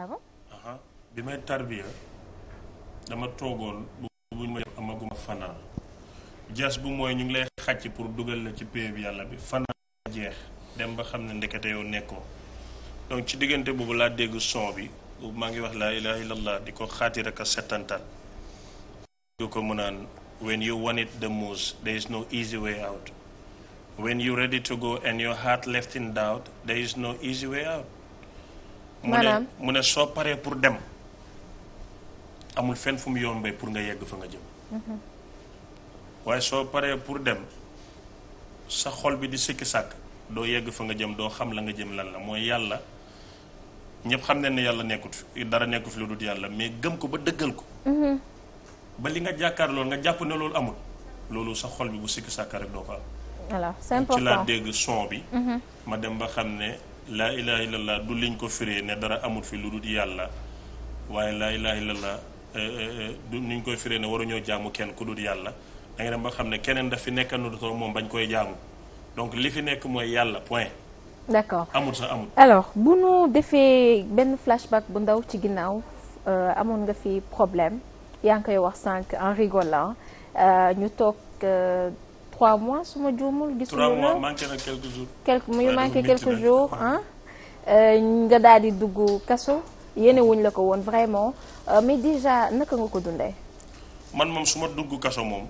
ah bi may tarbiya dama toogoon bu buñ ma amaguma fanaan jees bu mooy ñu ngi lay xàcc pour dugal la ci pay bi yàlla bi fanaan jeex dem ba xam ne ndekete yow nekkoo donc ci diggante boobu laa dégg son bi boobu maa ngi wax laa ilaha illallah di ko xaatir ak a settantal dégg ko mu naan when you want it the most there is no easy way out when you ready to go and your heart left doubt there is no easy way out maanaam mu ne soo paree pour dem amul fenn fu mu yombee pour nga yegg fa nga jëm mhm. waaye soo paree pour dem sa xol bi di sikki sàkk doo yegg fa nga jëm doo xam la nga jëm lan la mooy yàlla ñëpp xam ne ne yàlla nekkut fi dara nekkut fi lu dul yàlla mais gëm ko ba dëggal ko mhm. ba li nga jàkkaar loolu nga jàpp ne loolu amul loolu sa xol bi bu sikki sàkk rek doo ko am ci laa dégg son bi mhm. ma dem ba xam ne laa ilaha illallah du liñ ko firee ne dara amul fi lu dul yàlla waaye laa ilaha illallah eh, eh, eh, du niñ koy firee ne waruñoo jàmm kenn ku dul yàlla da nga dem ba xam ne keneen daf fi nekk nekkandutoo moom bañ koy jaamu donc li fi nekk mooy yàlla point. d'accord amut sax amul. alors bu nu defee benn flashback bu ndaw ci ginnaaw euh, amoon nga fi problème yaa ngi koy wax sànq en rigolant euh, ñu toog. Euh, 3 mois su ma juumul. gisuma la 3 mois manqué na quelques jours. quelques muy manqué quelques jours euh, nga daal di dugg kaso yéene wuñ la ko woon vraiment euh, mais déjà naka nga ko dundee. man moom suma ma dugg kaso moom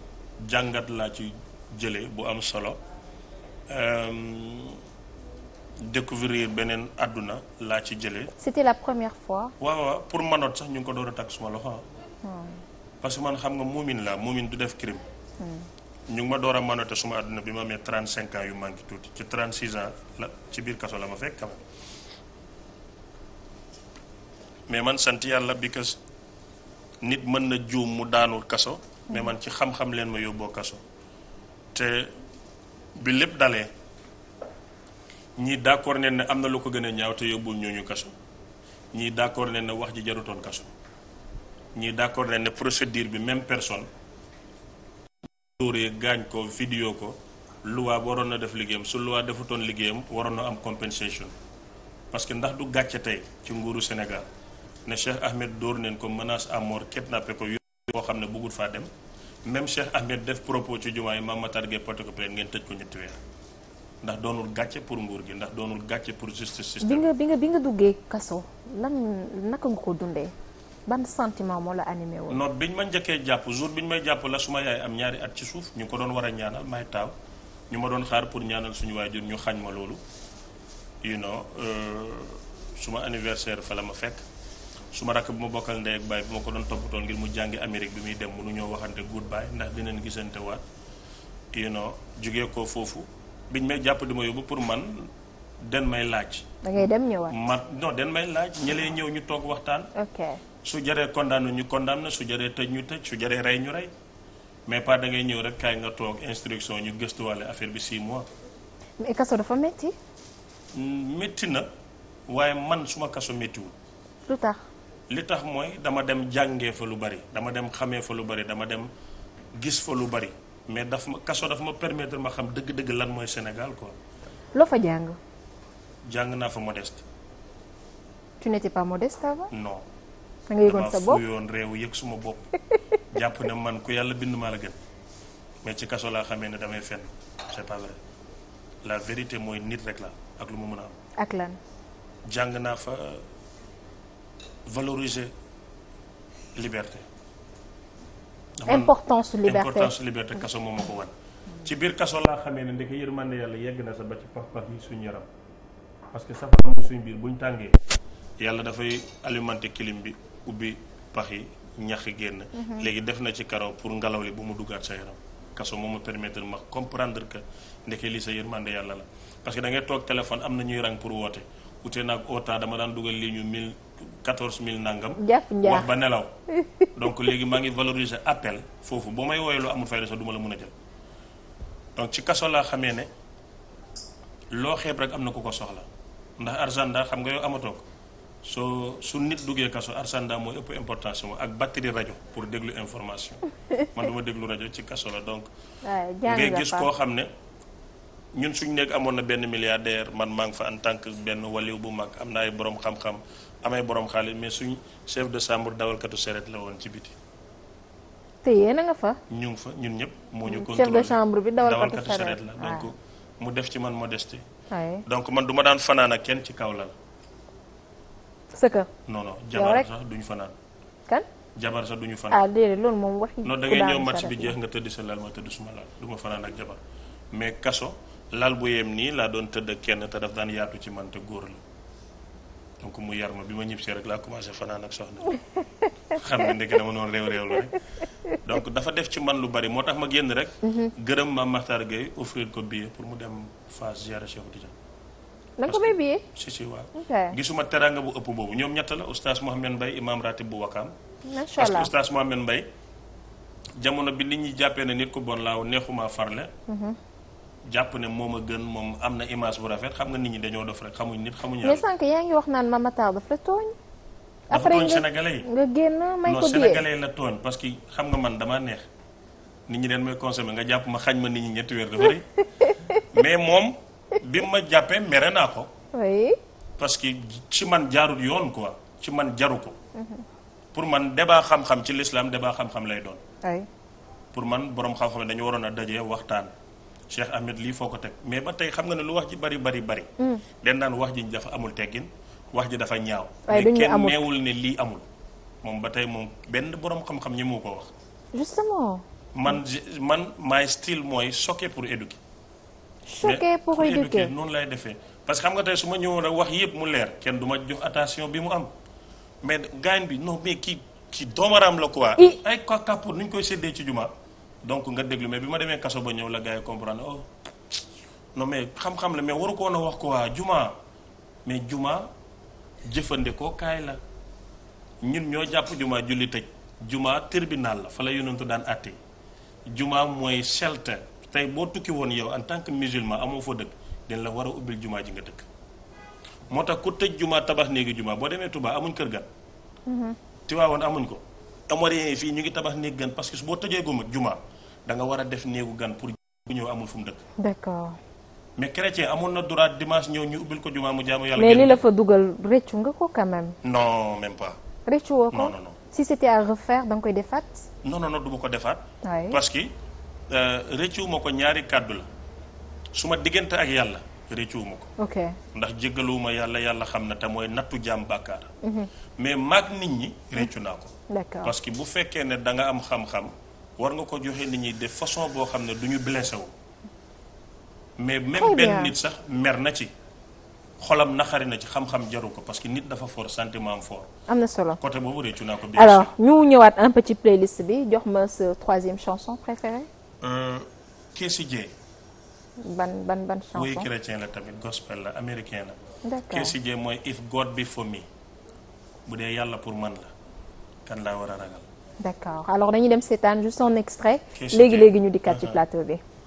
jàngat laa ci jëlee bu am solo euh, découvrir beneen àdduna laa ci jëlee. c'était la première fois. waaw waaw pour manoot sax ñu ngi ko door a takk suma loxo hmm. parce que man xam nga muumin laa muumin du def crime. Hmm. ñu ngi ma door a manote suma àdduna bi ma amee 35 ans yu manqué tuuti ci 36 ans la ci biir kaso la ma fekk quand même mais man sant yàlla because nit mën na juum mu daanul kaso mais man ci xam-xam leen ma yóbboo kaso te bi lépp dalee ñii d'accord ne ne am na lu ko gën a ñaaw te yóbbul ñooñu kaso ñii d'accord ne ne wax ji jarutoon kaso ñii d'accord ne ne procédure bi même personne dóoree gaañ ko vidéo ko luwaa waroon na def liggéeyam su luwaa defutoon liggéeyam waroon na am compensation parce que ndax du gàcce tey ci nguuru Sénégal ne Cheikh Ahmed door neen ko menace à mort kidnappé ko yo boo xam ne bëggul faa dem même Cheikh Ahmed def propos ci jumaa yi Mame Matar Gueye porté ko plainte ngeen tëj ko ñetti weer ndax doonul gàcce pour nguur gi ndax doonul gàcce pour justice système bi nga bi nga bi nga duggee kaso lan naka nga ko dundee ban sentiment moo la animé woon. noot biñ ma njëkkee jàpp jour biñ may jàpp la suma yaay am ñaari at ci suuf ñu ko doon war a ñaanal may taaw ñu ma doon xaar pour ñaanal suñu waajur ñu xañ ma loolu you know euh, suma anniversaire fa la ma fekk suma rakk bu ma bokkal ndey ak baay bi ma ko doon toppatoon ngir mu jàngi Amérique bi muy dem mënuñoo waxante goodbye ndax dinañ gisante waat you know ko foofu biñ may jàpp di ma yóbbu pour man den may laaj. da ngay dem ñëwaat. may laaj ñëlee ñëw ñu toog waxtaan. ok su jaree condamné ñu condamné su jaree tëj ñu tëj su jaree rey ñu rey mais pas da ngay ñëw rek kaay nga toog instruction ñu gëstuwaale affaire bi 6 mois. mais kaso dafa métti. metti na waaye man suma kaso méttiwul. lu tax. li tax mooy dama dem jàngee fa lu bari dama dem xamee fa lu bari dama dem gis fa lu bari mais dafa ma kaso dafa ma permettre ma xam dëgg-dëgg lan mooy Sénégal ko loo fa jàng. jàng naa fa modeste. tu n'étais pas modeste avant. non. da yëgoon sa bopp réew yëg suma bopp jàpp ne man ku yàlla bind maa la gën mais ci kaso laa xame ne damay fenn c'est la vérité mooy nit rek la ak lu ma mën a ak lan. jàng naa fa euh, valoriser liberté. importance su liberté su liberté kaso moom ma ko wan. ci biir kaso laa xamee ne ndeke yërmande yàlla yegg na sa ba ci pax-pax yi suñu yaram parce que safara mu suñ biir buñ tàngee. yàlla dafay alimenter kilim bi. ubbi pax yi ñax yi génn. Mhm. léegi def na ci karaw pour ngelaw li bu mu duggaat sa yaram. kaso moo ma permettre ma comprendre que ndeke li sa yërmande yàlla la parce que da ngay toog téléphone am na ñuy rang pour woote ute naag oota dama daan dugal li ñu mille quatorze mille nangam. wax ba nelaw. donc léegi maa ngi valoriser appel foofu boo may woowee loo amul fayda sax du ma la mun a jël donc ci kaso laa xamee ne loo xeeb rek am na ko ko soxla ndax argent xam nga yow amatoo soo su nit duggee kaso arsanda mooy ëpp importation ak batterie rajo pour déglu information man du ma déglu rajo ci kaso la donc ngay gis koo xam ne ñun suñu nekk amoon na benn milliardaire man maa ngi fa en tant que benn waliw bu mag am na ay borom xam-xam amay borom xaalis mais suñ chef de chambre dawalkatu seret la woon ci biti te yéen fa ñu fa ñun ñëpp moo ñu contrôlé chef de bi dawalkatu seret la donc mu def ci man modestie donc man du ma daan fanaan ak kenn ci kaw lal sa kër non non jabar sax duñu fanaan kan jabar sax duñu fanaan ah déedéet loolu moom wax non da ngay ñëw match bi jeex nga tëdd sa lal ma tëdd suma lal du ma fanaan ak jabar mais kaso lal bu yem nii laa doon tëdd ak kenn te daf daan yaatu ci man te góor la donc mu yar ma bi ma ñibbisee rek laa commencé fanaan ak soxna xam ne ndeke dama noonu réew réewlu rek donc dafa def ci man lu bari moo tax ma génn rek mhm. gërëm ma Makhtar Gueye offrir ko billet pour mu dem Fass ziyaare Cheikh Tidiane da nga ko béybiyee gisuma teraanga bu ëpp boobu ñoom ñett la oustaz Mouhamed Mbaye imam ratib bu wakaam macha allah parce que oustaz Mouhamed jamono bi li ñuy jàppee ne nit ku bon laaw neexuma farle mhm. jàpp ne moom a gën moom am na image bu rafet xam nga nit ñi dañoo def rek xamuñ nit xamuñ mais wax naan Mama Tall daf la tooñ dafa tooñ sénégalais yi nga génn may ko non la tooñ parce que xam nga man dama neex nit ñi den may consommer nga jàpp ma xañ ma nit ñi ñetti weer dafa rëy mais moom bi ma jàppee mere naa ko. oui. parce que ci man jaarul yoon quoi ci man jaru ko. pour man débat xam-xam ci lislaam débat xam-xam lay doon. oui. pour man borom xam-xam dañu waroon a daje waxtaan. Cheikh Ahmed lii foo ko teg mais ba tey xam nga ne lu wax ji bari bari bari. den hmm. daan wax ji dafa amul teggin wax ji dafa ñaaw. waaye mais kenn neewul ne lii amul. moom ba tey moom benn borom xam-xam ñi moo ko wax. man man my style mooy choquer pour éduquer. choqué pour éduquer noonu lay defee parce que xam nga tey su ma ñëwoon rek wax yëpp mu leer kenn du ma jox attention bi mu am mais gaañ bi non mais kii kii doomaraam la quoi. ay quoi kàppur ni ñu koy séddee ci juma. donc nga déglu mais bi ma demee kaso ba ñëw la gars yi comprendre oh non mais xam-xam la mais waru ko woon a wax quoi juma mais juma jëfandikoo kaay la ñun ñoo jàpp juma julli tëj juma tribunal la fa la yonentu daan àtte juma mooy shelter. tey boo tukki woon yow en tant que musulman amoo fa dëkk dañ la war a ubbil jumaa ji nga dëkk moo tax ku tëj jumaa tabax néegi jumaa boo demee Touba amuñ kër gan mhm. Tiwaawoon amuñ ko amariens yi fii ñu ngi tabax néeg gan parce que boo tëjee guma jumaa danga war a def néegu gan pour ku ñëw amul fu mu dëkk d'accord mais chrétien amoon na droit dimanche ñëw ñu ubbil ko jumaa mu jaamu yàlla mais li la fa dugal rëccu nga ko quand même non même pas rëccu woo ko non non non si c'était da nga koy defaat non non non ko defaat parce que Euh, rëccuwuma ko ñaari kàddu la su ma diggante ak yàlla rëccuwuma ko. ok ndax jéggaluwuma yàlla yàlla xam na te mooy nattu jaam bàkkaar. Mhm. mais maag nit ñi rëccu naa ko. d'accord parce bu fekkee ne danga am xam-xam war nga ko joxe nit ñi def façon boo xam ne du ñu blessé mais même benn nit sax mer na ci. xolam naxari na ci xam-xam jaru ko parce que nit dafa fort sentiment am am na solo côté boobu réccu naa ko. bien alors ñu ñëwaat un petit playlist bi jox ma sa troisième chanson Keesu euh, Jee. ban ban ban chanson oui chrétien la tamit gospel la américain la. d'accord Keesu mooy if God be for me bu dee yàlla pour man la kan laa war a ragal. d'accord alors dañuy dem seetaan juste un extrait. léegi léegi ñu dikkaat ci uh-huh. plateau bi.